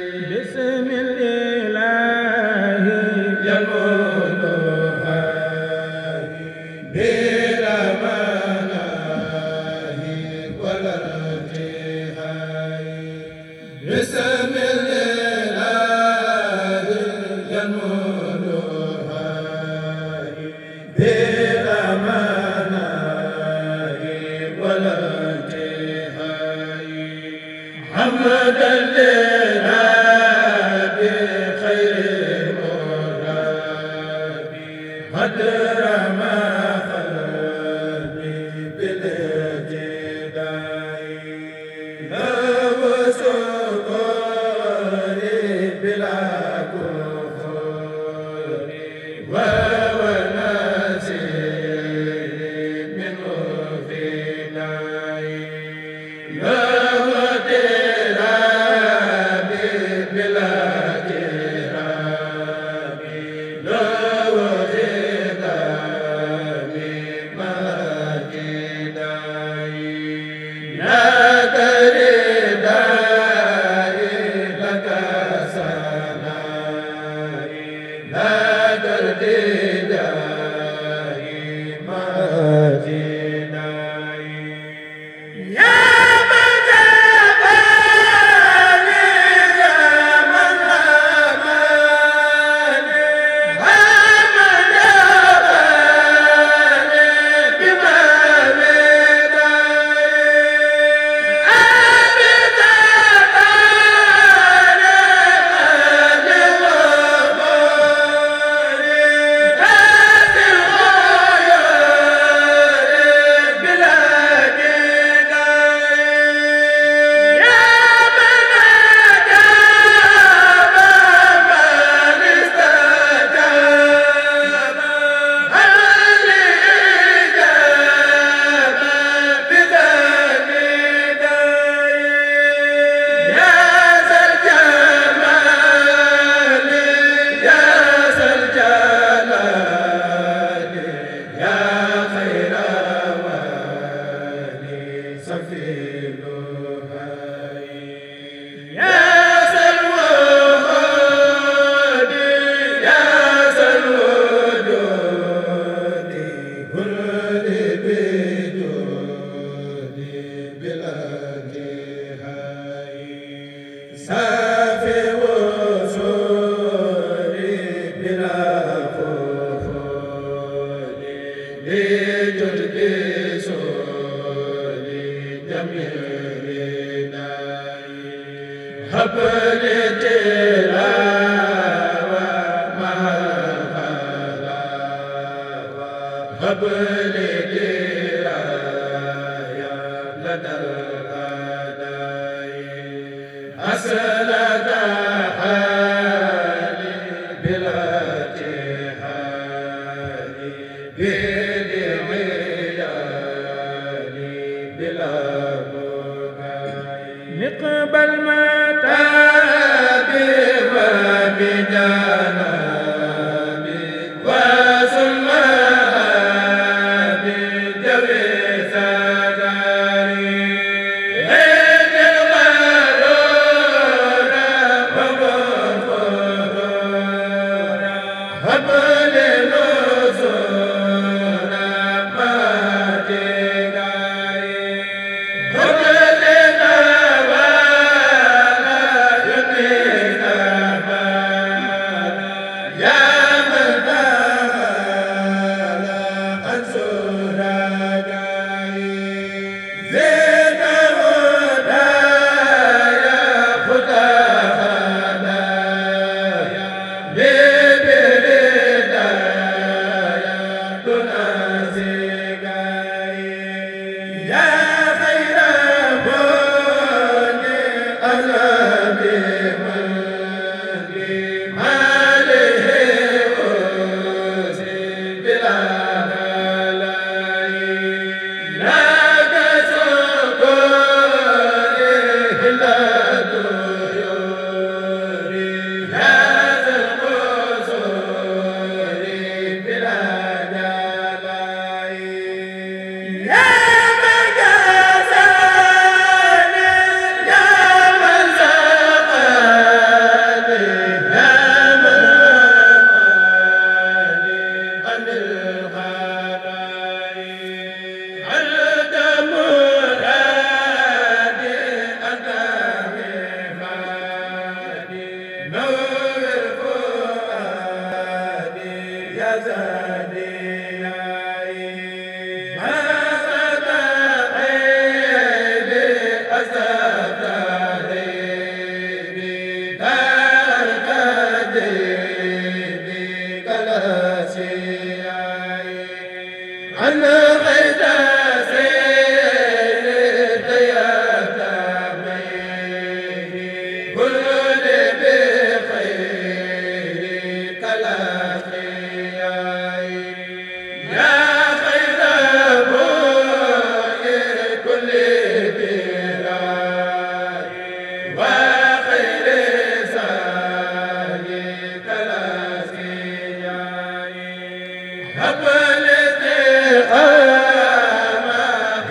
بسم الله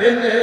ene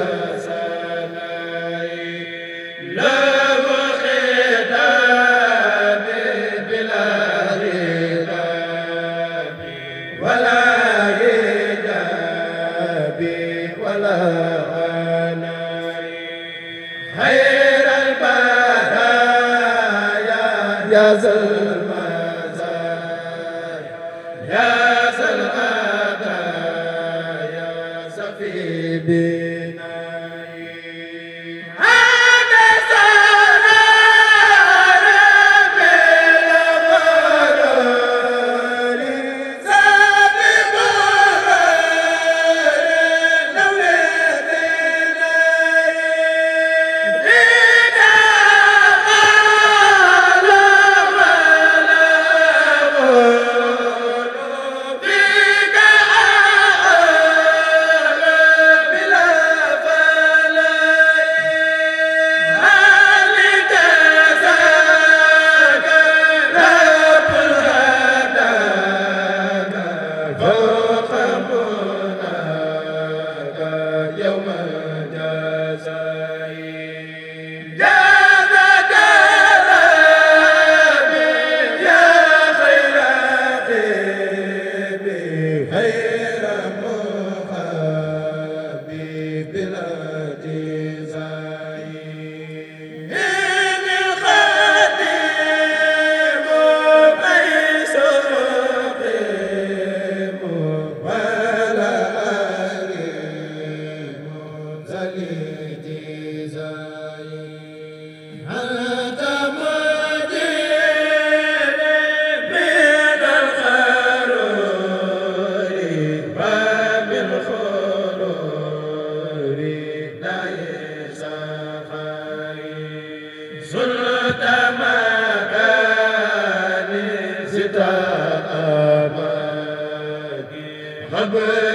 Amen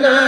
na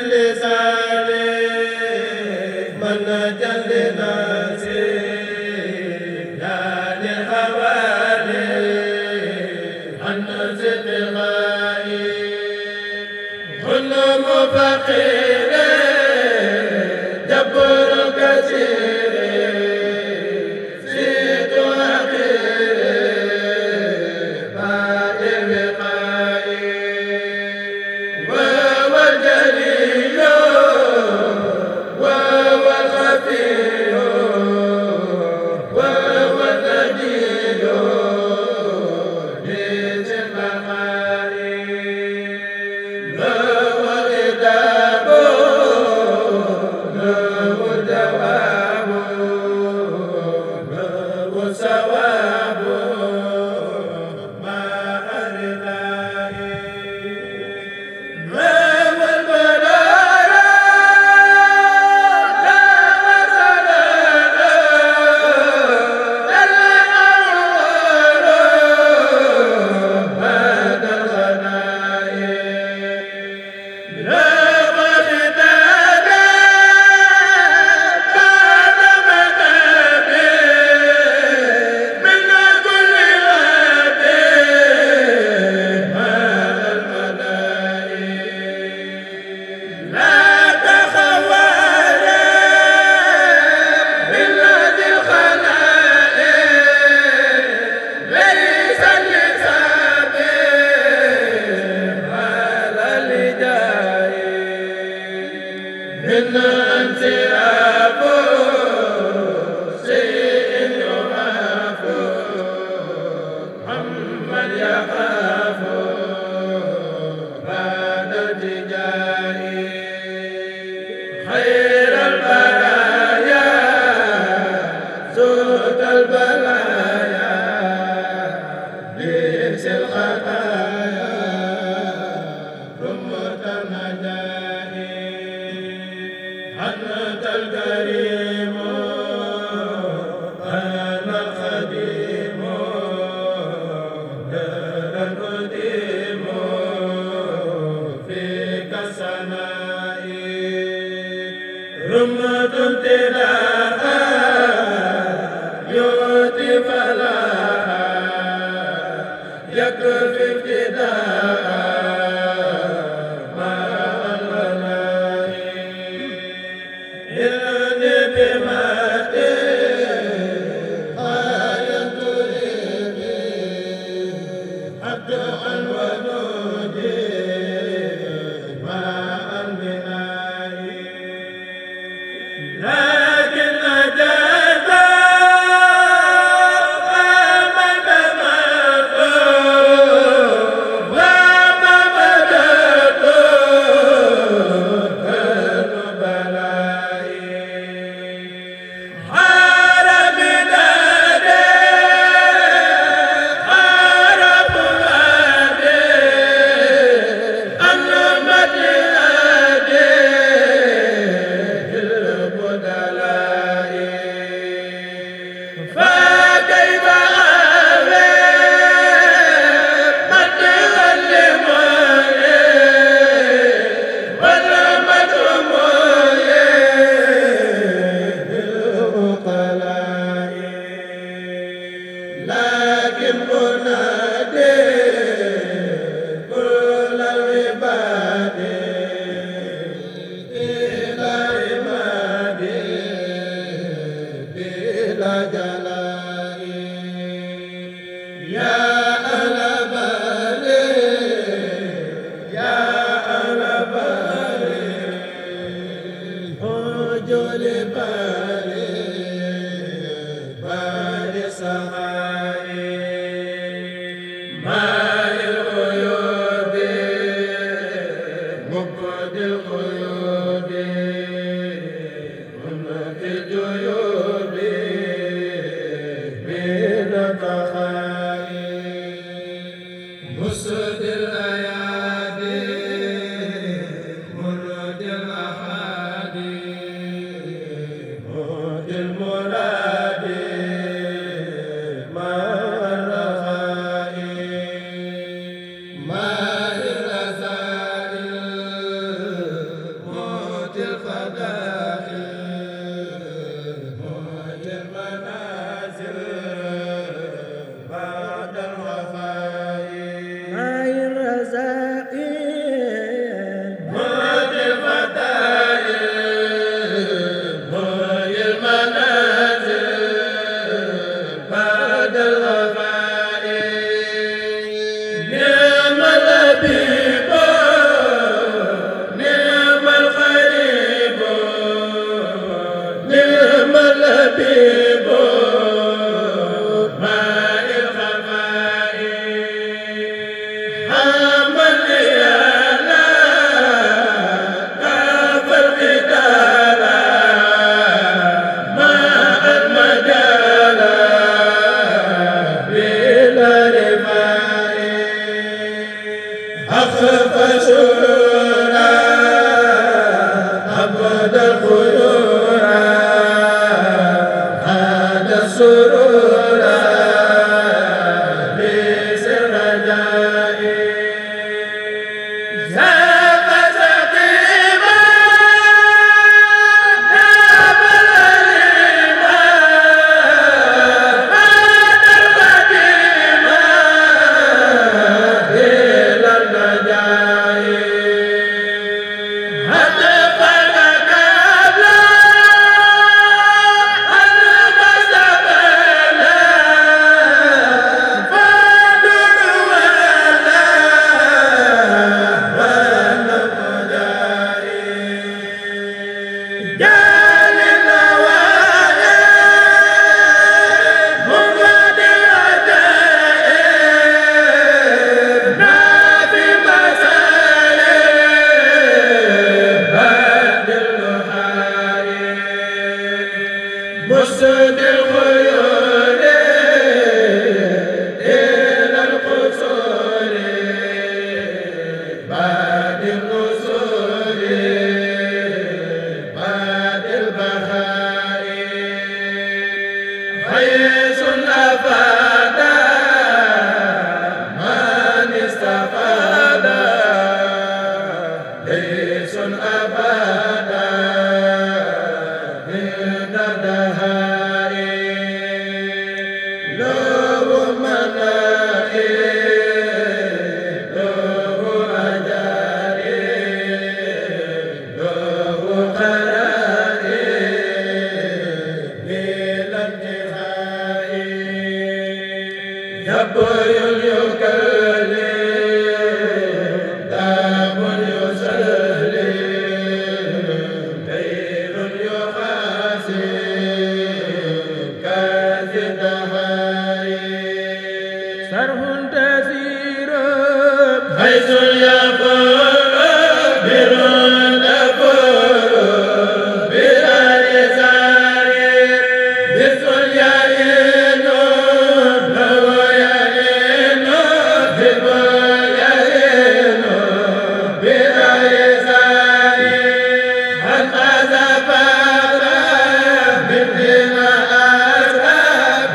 li lisaani السماء رمة تدار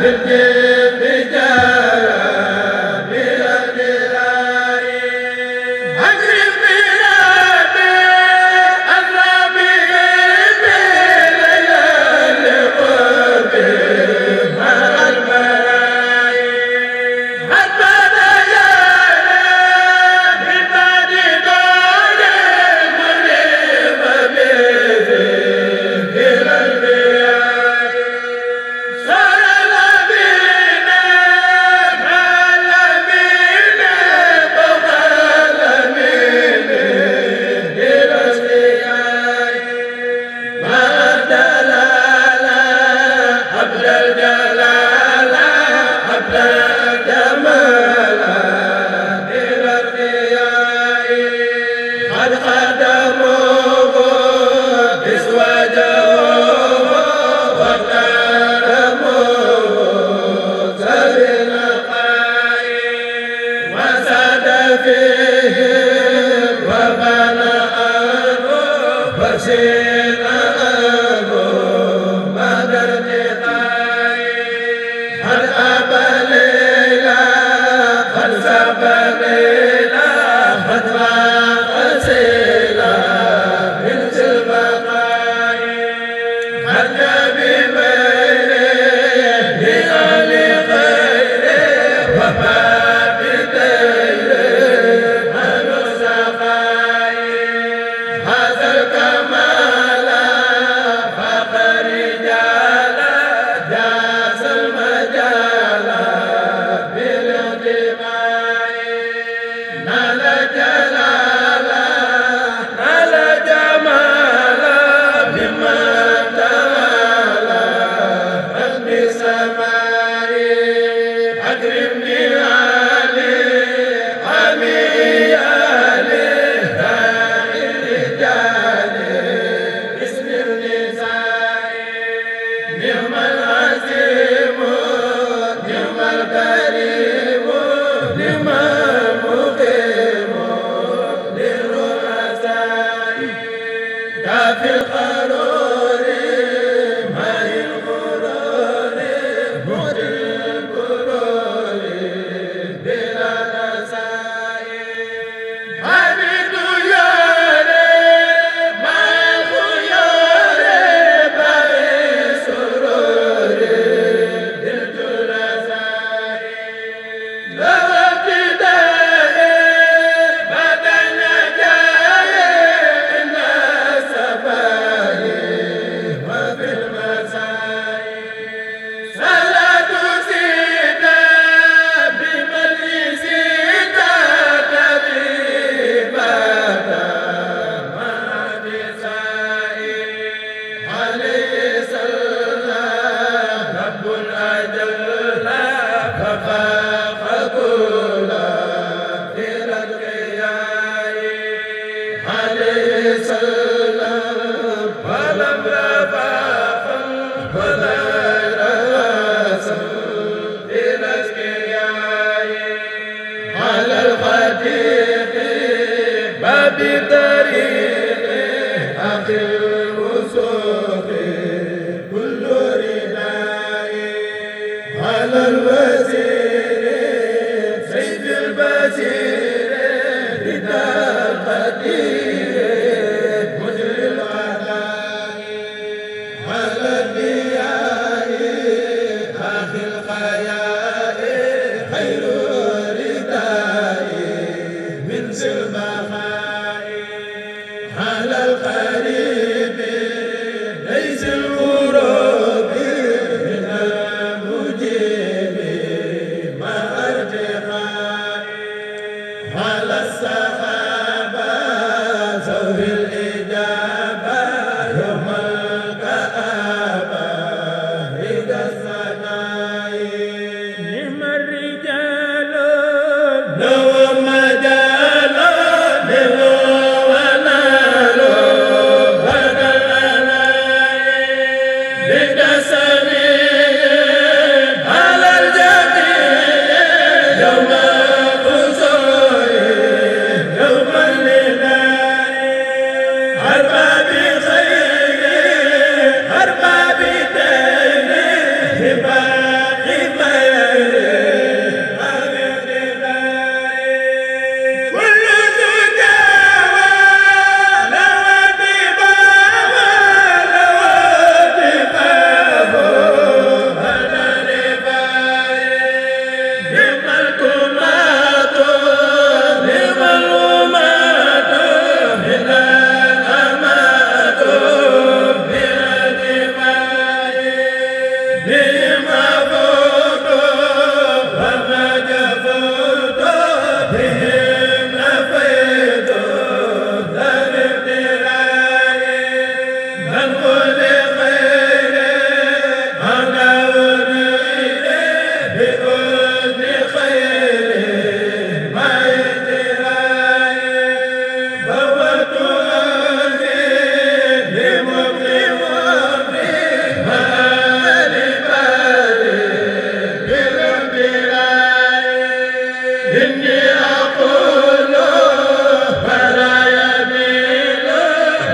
بجاه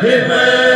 Happy birthday.